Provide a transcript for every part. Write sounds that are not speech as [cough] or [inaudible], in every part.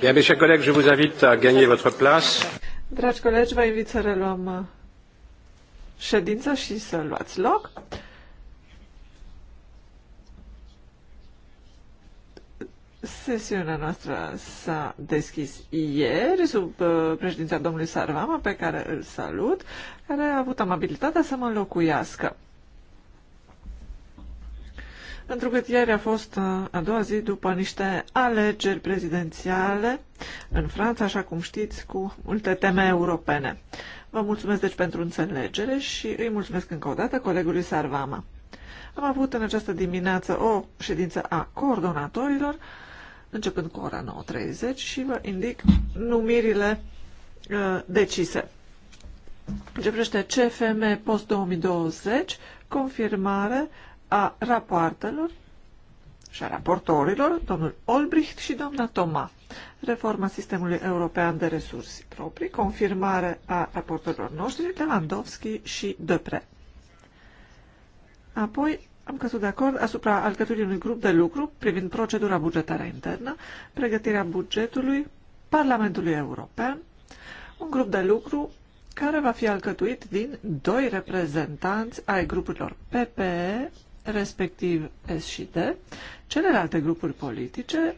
Bien, mes chers collègues, je vous invite à gagner votre place. Dragi colegi, vă invit să reluăm uh, ședința și să luați loc. Sesiunea noastră s-a deschis ieri sub uh, președința domnului Sarvama, pe care îl salut, care a avut amabilitatea să mă înlocuiască întrucât ieri a fost uh, a doua zi după niște alegeri prezidențiale în Franța, așa cum știți, cu multe teme europene. Vă mulțumesc deci pentru înțelegere și îi mulțumesc încă o dată colegului Sarvama. Am avut în această dimineață o ședință a coordonatorilor, începând cu ora 9.30 și vă indic numirile uh, decise. Ce CFM post 2020, confirmare a rapoartelor și a raportorilor, domnul Olbricht și doamna Toma. Reforma sistemului european de resurse proprii, confirmare a raportorilor noștri, Lewandowski și Depre. Apoi am căzut de acord asupra alcătuirii unui grup de lucru privind procedura bugetară internă, pregătirea bugetului Parlamentului European, un grup de lucru care va fi alcătuit din doi reprezentanți ai grupurilor PPE, respectiv S și D, celelalte grupuri politice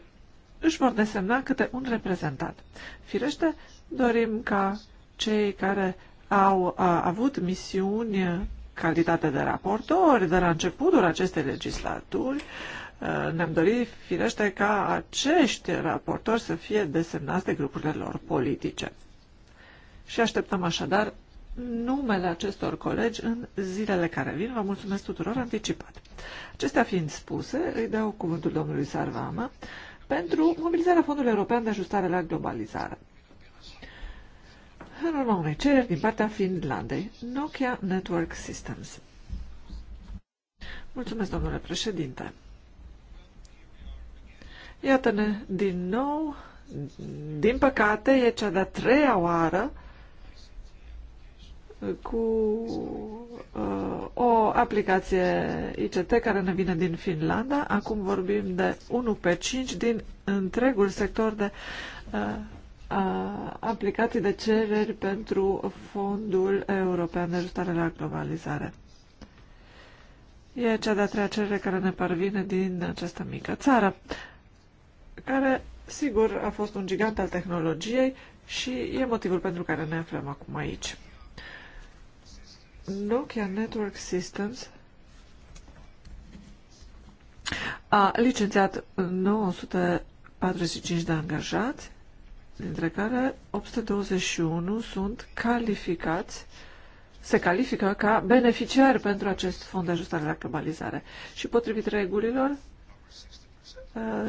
își vor desemna câte un reprezentant. Firește, dorim ca cei care au a, avut misiuni calitate de raportori de la începutul acestei legislaturi, ne-am dorit, firește, ca acești raportori să fie desemnați de grupurile lor politice. Și așteptăm așadar numele acestor colegi în zilele care vin. Vă mulțumesc tuturor anticipat. Acestea fiind spuse, îi dau cuvântul domnului Sarvama pentru mobilizarea Fondului European de Ajustare la Globalizare. În urma unei cereri din partea Finlandei, Nokia Network Systems. Mulțumesc, domnule președinte. Iată-ne din nou, din păcate, e cea de-a treia oară cu uh, o aplicație ICT care ne vine din Finlanda. Acum vorbim de 1 pe 5 din întregul sector de uh, uh, aplicații de cereri pentru Fondul European de Ajustare la Globalizare. E cea de-a treia cerere care ne parvine din această mică țară, care, sigur, a fost un gigant al tehnologiei și e motivul pentru care ne aflăm acum aici. Nokia Network Systems a licențiat 945 de angajați, dintre care 821 sunt calificați, se califică ca beneficiari pentru acest fond de ajustare la globalizare. Și potrivit regulilor,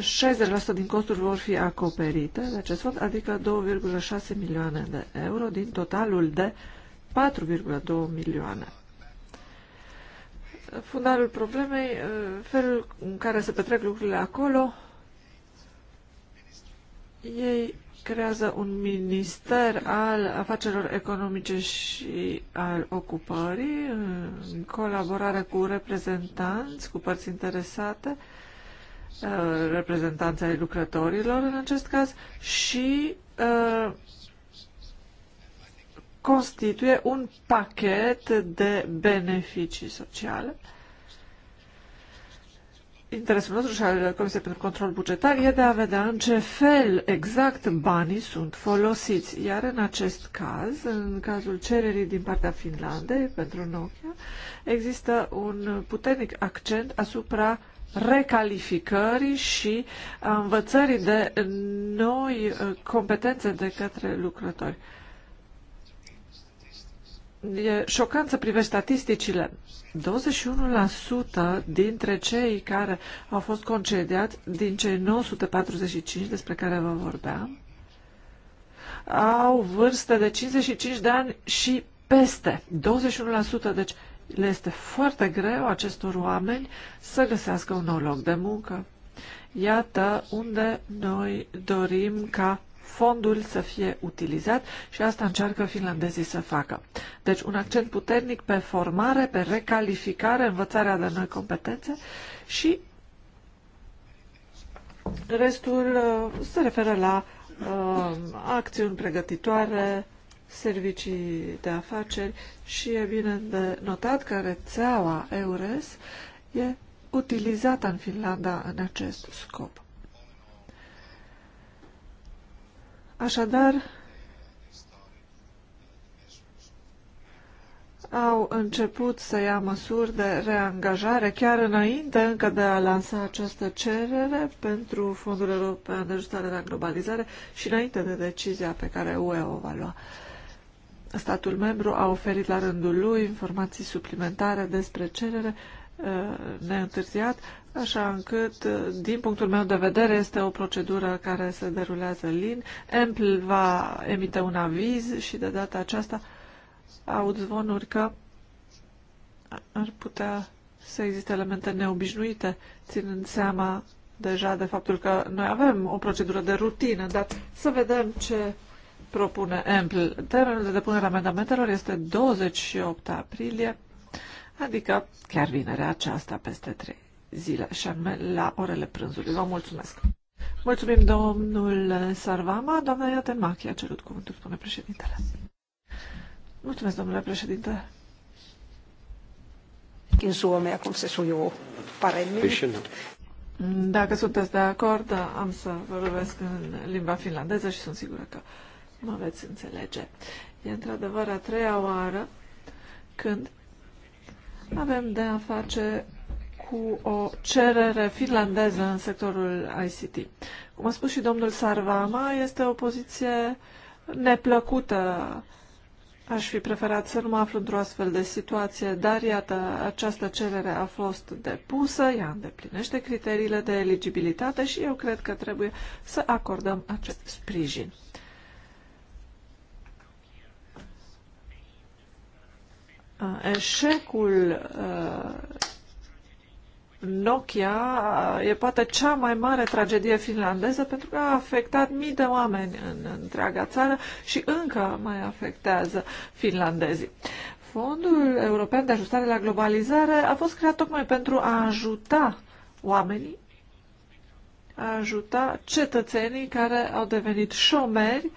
60% din costuri vor fi acoperite de acest fond, adică 2,6 milioane de euro din totalul de 4,2 milioane. Fundalul problemei, felul în care se petrec lucrurile acolo, ei creează un minister al afacerilor economice și al ocupării, în colaborare cu reprezentanți, cu părți interesate, reprezentanța ai lucrătorilor în acest caz și uh, constituie un pachet de beneficii sociale. Interesul nostru și al Comisiei pentru Control Bugetar e de a vedea în ce fel exact banii sunt folosiți. Iar în acest caz, în cazul cererii din partea Finlandei pentru Nokia, există un puternic accent asupra recalificării și a învățării de noi uh, competențe de către lucrători. E șocant să privești statisticile. 21% dintre cei care au fost concediați, din cei 945 despre care vă vorbeam, au vârste de 55 de ani și peste. 21%, deci le este foarte greu acestor oameni să găsească un nou loc de muncă. Iată unde noi dorim ca fondul să fie utilizat și asta încearcă finlandezii să facă. Deci un accent puternic pe formare, pe recalificare, învățarea de noi competențe și restul uh, se referă la uh, acțiuni pregătitoare, servicii de afaceri și e bine de notat că rețeaua EURES e utilizată în Finlanda în acest scop. Așadar, au început să ia măsuri de reangajare chiar înainte încă de a lansa această cerere pentru Fondul European de Ajutare la Globalizare și înainte de decizia pe care UE o va lua. Statul membru a oferit la rândul lui informații suplimentare despre cerere uh, neîntârziat Așa încât, din punctul meu de vedere, este o procedură care se derulează lin. Ample va emite un aviz și de data aceasta aud zvonuri că ar putea să existe elemente neobișnuite, ținând seama deja de faptul că noi avem o procedură de rutină, dar să vedem ce propune Ample. Termenul de depunere amendamentelor este 28 aprilie, adică chiar vinerea aceasta peste 3 zile, și anume la orele prânzului. Vă mulțumesc! Mulțumim, domnul Sarvama. Doamna Iatenmachi a cerut cuvântul, spune președintele. Mulțumesc, domnule președinte. În Suomea, acum se sujuu paremmin. Dacă sunteți de acord, am să vorbesc în limba finlandeză și sunt sigură că mă veți înțelege. E într-adevăr a treia oară când avem de a face cu o cerere finlandeză în sectorul ICT. Cum a spus și domnul Sarvama, este o poziție neplăcută. Aș fi preferat să nu mă aflu într-o astfel de situație, dar iată, această cerere a fost depusă, ea îndeplinește criteriile de eligibilitate și eu cred că trebuie să acordăm acest sprijin. Eșecul Nokia e poate cea mai mare tragedie finlandeză pentru că a afectat mii de oameni în întreaga țară și încă mai afectează finlandezii. Fondul European de Ajustare la Globalizare a fost creat tocmai pentru a ajuta oamenii, a ajuta cetățenii care au devenit șomeri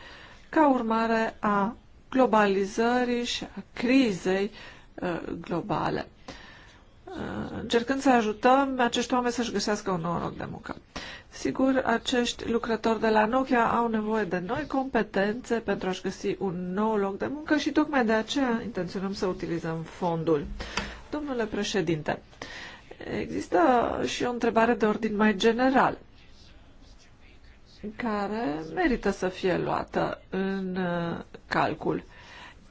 ca urmare a globalizării și a crizei uh, globale. Uh, încercând să ajutăm acești oameni să-și găsească un nou loc de muncă. Sigur, acești lucrători de la Nokia au nevoie de noi competențe pentru a-și găsi un nou loc de muncă și tocmai de aceea intenționăm să utilizăm fondul. Domnule președinte, există și o întrebare de ordin mai general care merită să fie luată în uh, calcul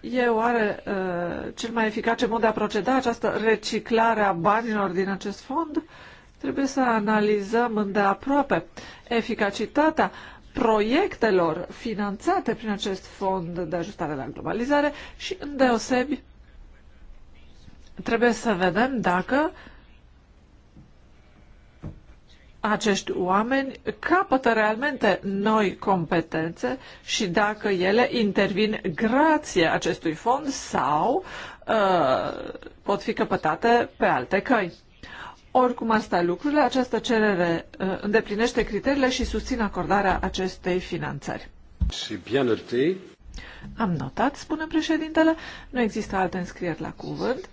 e oare uh, cel mai eficace mod de a proceda această reciclare a banilor din acest fond? Trebuie să analizăm îndeaproape eficacitatea proiectelor finanțate prin acest fond de ajustare la globalizare și, îndeosebi, trebuie să vedem dacă uh, acești oameni capătă realmente noi competențe și dacă ele intervin grație acestui fond sau uh, pot fi căpătate pe alte căi. Oricum asta lucrurile, această cerere uh, îndeplinește criteriile și susține acordarea acestei finanțări. Am notat, spune președintele, nu există alte înscrieri la cuvânt.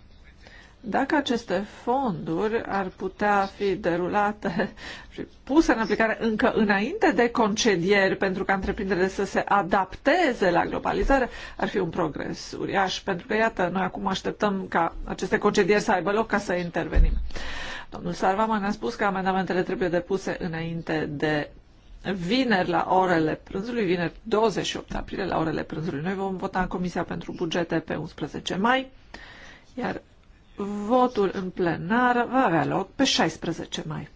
Dacă aceste fonduri ar putea fi derulate [laughs] și puse în aplicare încă înainte de concedieri pentru ca întreprinderile să se adapteze la globalizare, ar fi un progres uriaș, pentru că, iată, noi acum așteptăm ca aceste concedieri să aibă loc ca să intervenim. Domnul Sarvama ne-a spus că amendamentele trebuie depuse înainte de vineri la orele prânzului, vineri 28 aprilie la orele prânzului. Noi vom vota în Comisia pentru Bugete pe 11 mai, iar Votul în plenar va avea loc pe 16 mai.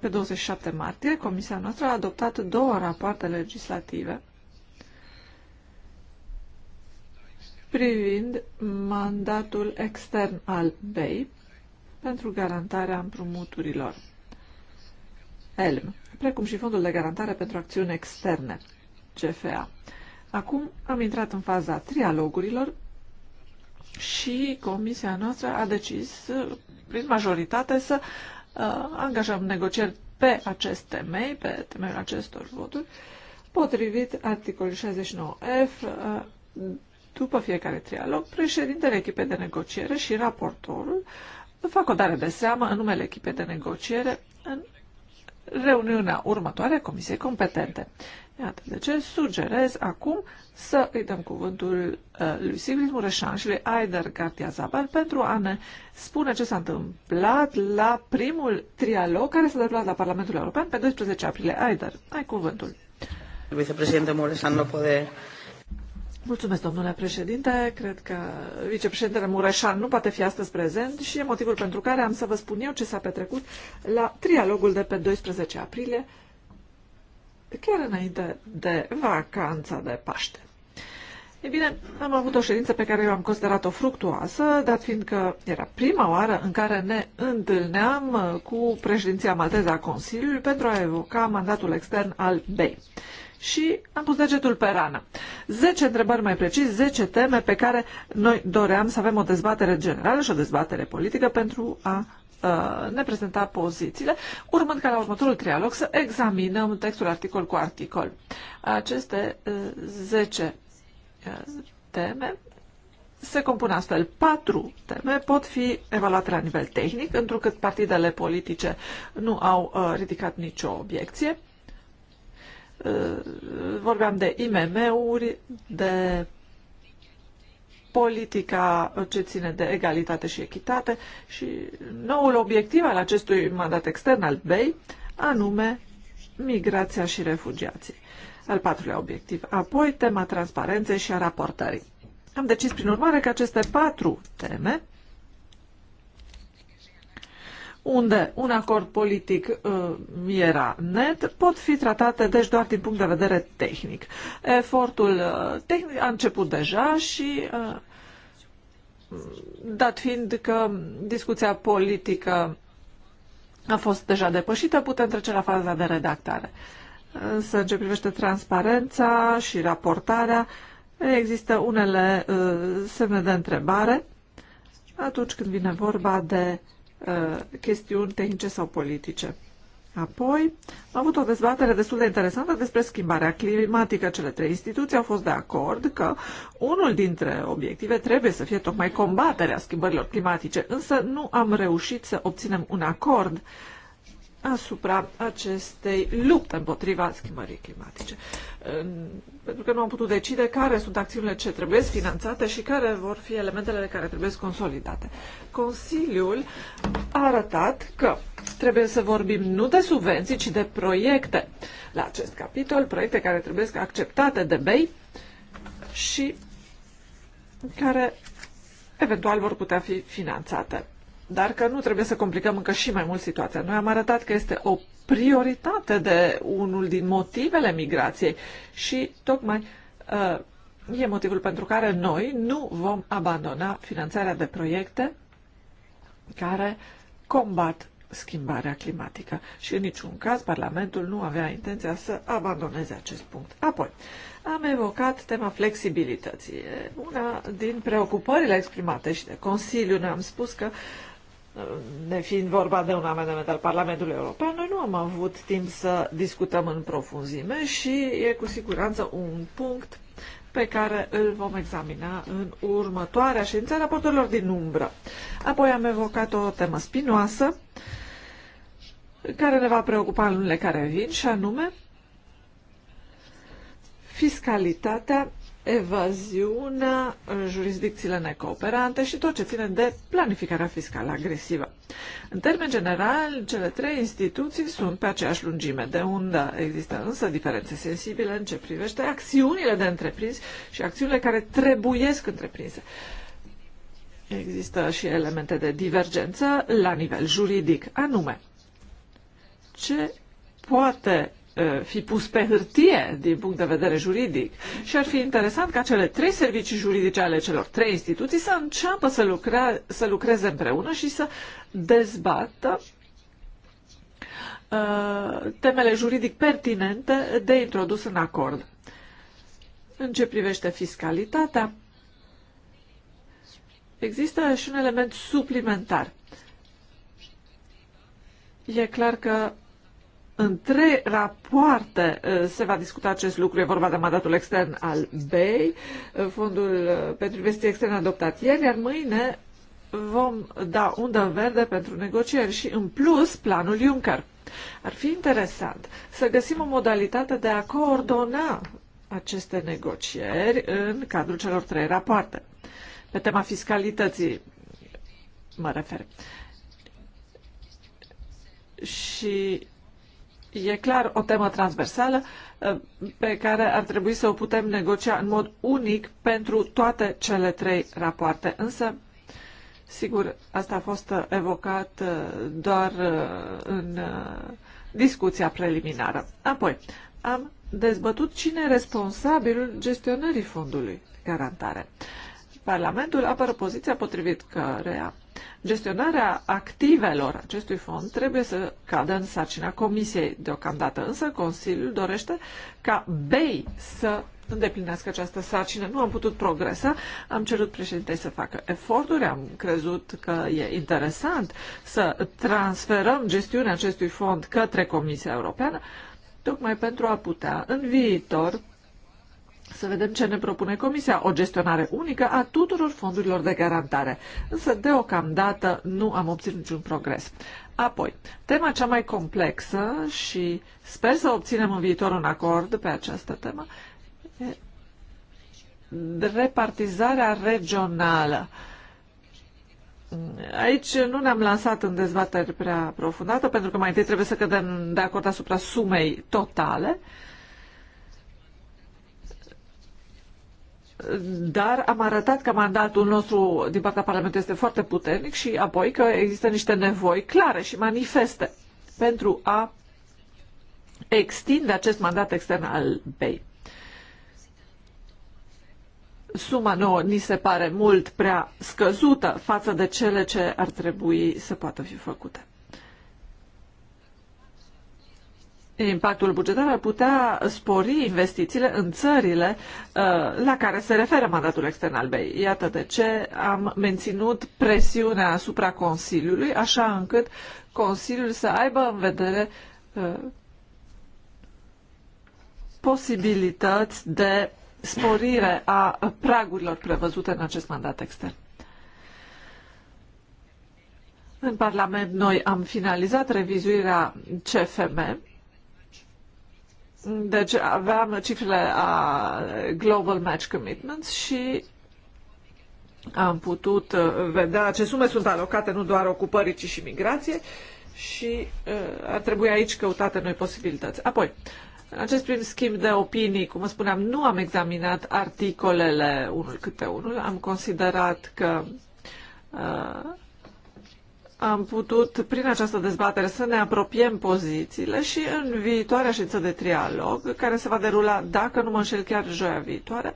Pe 27 martie, Comisia noastră a adoptat două rapoarte legislative privind mandatul extern al BEI pentru garantarea împrumuturilor. ELM, precum și Fondul de Garantare pentru Acțiuni Externe. CFA. Acum am intrat în faza trialogurilor și comisia noastră a decis, prin majoritate, să uh, angajăm negocieri pe acest temei, pe temeiul acestor voturi, potrivit articolului 69F, uh, după fiecare trialog, președintele echipei de negociere și raportorul fac o dare de seamă în numele echipei de negociere în reuniunea următoare a Comisiei Competente. Iată de deci, ce sugerez acum să îi dăm cuvântul uh, lui Sigrid Mureșan și lui Aider Gartia Zabal pentru a ne spune ce s-a întâmplat la primul trialog care s-a întâmplat la Parlamentul European pe 12 aprilie. Aider, ai cuvântul. Vicepreședinte Mureșan nu poate Mulțumesc, domnule președinte. Cred că vicepreședintele Mureșan nu poate fi astăzi prezent și e motivul pentru care am să vă spun eu ce s-a petrecut la trialogul de pe 12 aprilie, chiar înainte de vacanța de Paște. E bine, am avut o ședință pe care eu am considerat-o fructuoasă, dat fiindcă era prima oară în care ne întâlneam cu președinția malteză a Consiliului pentru a evoca mandatul extern al BEI și am pus degetul pe rană. 10 întrebări mai precis, 10 teme pe care noi doream să avem o dezbatere generală și o dezbatere politică pentru a ne prezenta pozițiile, urmând ca la următorul trialog să examinăm textul articol cu articol. Aceste 10 teme se compun astfel. Patru teme pot fi evaluate la nivel tehnic, întrucât partidele politice nu au ridicat nicio obiecție. Eh, vorbeam de IMM-uri, de politica ce ține de egalitate și echitate și noul obiectiv al acestui mandat extern al BEI, anume migrația și refugiații. Al patrulea obiectiv. Apoi, tema transparenței și a raportării. Am decis, prin urmare, că aceste patru teme unde un acord politic uh, era net, pot fi tratate deci doar din punct de vedere tehnic. Efortul uh, tehnic a început deja și uh, dat fiind că discuția politică a fost deja depășită, putem trece la faza de redactare. Însă, în ce privește transparența și raportarea, există unele uh, semne de întrebare atunci când vine vorba de uh, Uh, chestiuni tehnice sau politice. Apoi, am avut o dezbatere destul de interesantă despre schimbarea climatică. Cele trei instituții au fost de acord că unul dintre obiective trebuie să fie tocmai combaterea schimbărilor climatice, însă nu am reușit să obținem un acord uh, asupra acestei lupte împotriva schimbării climatice. Pentru că nu am putut decide care sunt acțiunile ce trebuie finanțate și care vor fi elementele care trebuie consolidate. Consiliul a arătat că trebuie să vorbim nu de subvenții, ci de proiecte. La acest capitol, proiecte care trebuie acceptate de BEI și care eventual vor putea fi finanțate dar că nu trebuie să complicăm încă și mai mult situația. Noi am arătat că este o prioritate de unul din motivele migrației și tocmai uh, e motivul pentru care noi nu vom abandona finanțarea de proiecte care combat schimbarea climatică. Și în niciun caz Parlamentul nu avea intenția să abandoneze acest punct. Apoi, am evocat tema flexibilității. Una din preocupările exprimate și de Consiliu ne-am spus că ne fiind vorba de un amendament al Parlamentului European, noi nu am avut timp să discutăm în profunzime și e cu siguranță un punct pe care îl vom examina în următoarea ședință a raportorilor din umbră. Apoi am evocat o temă spinoasă care ne va preocupa în lunile care vin și anume fiscalitatea evaziunea, jurisdicțiile necooperante și tot ce ține de planificarea fiscală agresivă. În termen general, cele trei instituții sunt pe aceeași lungime de undă. Există însă diferențe sensibile în ce privește acțiunile de întreprins și acțiunile care trebuiesc întreprinse. Există și elemente de divergență la nivel juridic, anume ce poate fi pus pe hârtie din punct de vedere juridic. Și ar fi interesant ca cele trei servicii juridice ale celor trei instituții să înceapă să, lucre, să lucreze împreună și să dezbată temele juridic pertinente de introdus în acord. În ce privește fiscalitatea, există și un element suplimentar. E clar că în trei rapoarte uh, se va discuta acest lucru. E vorba de mandatul extern al BEI, uh, fondul uh, pentru investiții externe adoptat ieri, iar mâine vom da undă verde pentru negocieri și, în plus, planul Juncker. Ar fi interesant să găsim o modalitate de a coordona aceste negocieri în cadrul celor trei rapoarte. Pe tema fiscalității mă refer. Și E clar o temă transversală eh, pe care ar trebui să o putem negocia în mod unic pentru toate cele trei rapoarte. Însă, sigur, asta a fost eh, evocat eh, doar în discuția preliminară. Apoi, am dezbătut cine e responsabil gestionării fondului garantare. Parlamentul apără poziția potrivit căreia Gestionarea activelor acestui fond trebuie să cadă în sarcina Comisiei. Deocamdată însă Consiliul dorește ca BEI să îndeplinească această sarcină. Nu am putut progresa, am cerut președintei să facă eforturi, am crezut că e interesant să transferăm gestiunea acestui fond către Comisia Europeană, tocmai pentru a putea în viitor să vedem ce ne propune Comisia, o gestionare unică a tuturor fondurilor de garantare. Însă, deocamdată, nu am obținut niciun progres. Apoi, tema cea mai complexă și sper să obținem în viitor un acord pe această temă, repartizarea regională. Aici nu ne-am lansat în dezbateri prea profundată, pentru că mai întâi trebuie să cădem de acord asupra sumei totale, uh, dar am arătat că mandatul nostru din partea Parlamentului este foarte puternic și apoi că există niște nevoi clare și manifeste pentru a extinde acest mandat extern al BEI. Suma nouă ni se pare mult prea scăzută față de cele ce ar trebui să poată fi făcute. impactul bugetar ar putea spori investițiile în țările uh, la care se referă mandatul extern al BEI. Iată de ce am menținut presiunea asupra Consiliului, așa încât Consiliul să aibă în vedere uh, posibilități de sporire a pragurilor prevăzute în acest mandat extern. În Parlament noi am finalizat revizuirea CFM deci aveam cifrele a Global Match Commitments și am putut uh, vedea ce sume sunt alocate nu doar ocupării, ci și migrație și uh, ar trebui aici căutate noi posibilități. Apoi, în acest prim schimb de opinii, cum spuneam, nu am examinat articolele unul câte unul, am considerat că uh, am putut, prin această dezbatere, să ne apropiem pozițiile și în viitoarea ședință de trialog, care se va derula, dacă nu mă înșel, chiar joia viitoare,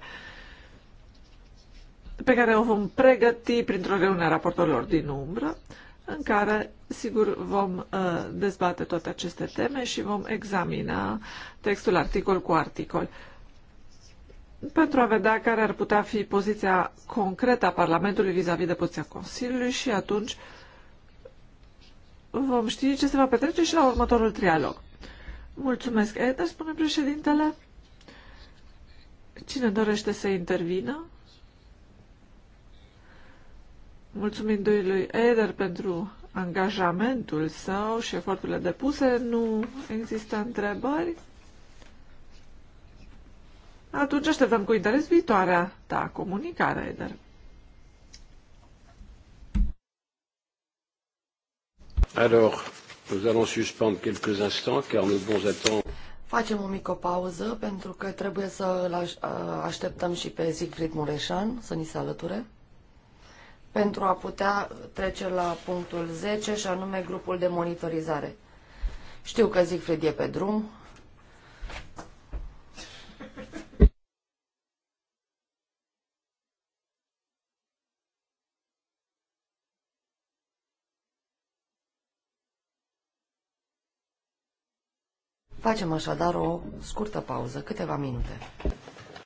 pe care o vom pregăti printr-o reuniune a raportorilor din umbră, în care, sigur, vom uh, dezbate toate aceste teme și vom examina textul articol cu articol pentru a vedea care ar putea fi poziția concretă a Parlamentului vis-a-vis -vis de poziția Consiliului și atunci uh, vom ști ce se va petrece și la următorul trialog. Mulțumesc, Eda, spune președintele. Cine dorește să intervină? Mulțumindu-i lui Eder pentru angajamentul său și eforturile depuse, nu există întrebări. Atunci așteptăm cu interes viitoarea ta comunicare, Eder. Alors, nous allons suspendre quelques instants, car nous devons attendre... Facem o mică pauză, pentru că trebuie să așteptăm și pe Siegfried Mureșan să ni se alăture, pentru a putea trece la punctul 10, și anume grupul de monitorizare. Știu că Siegfried e pe drum, Facem așadar o scurtă pauză, câteva minute.